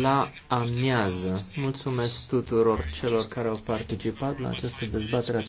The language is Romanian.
la amiază. Mulțumesc tuturor celor care au participat la această dezbatere.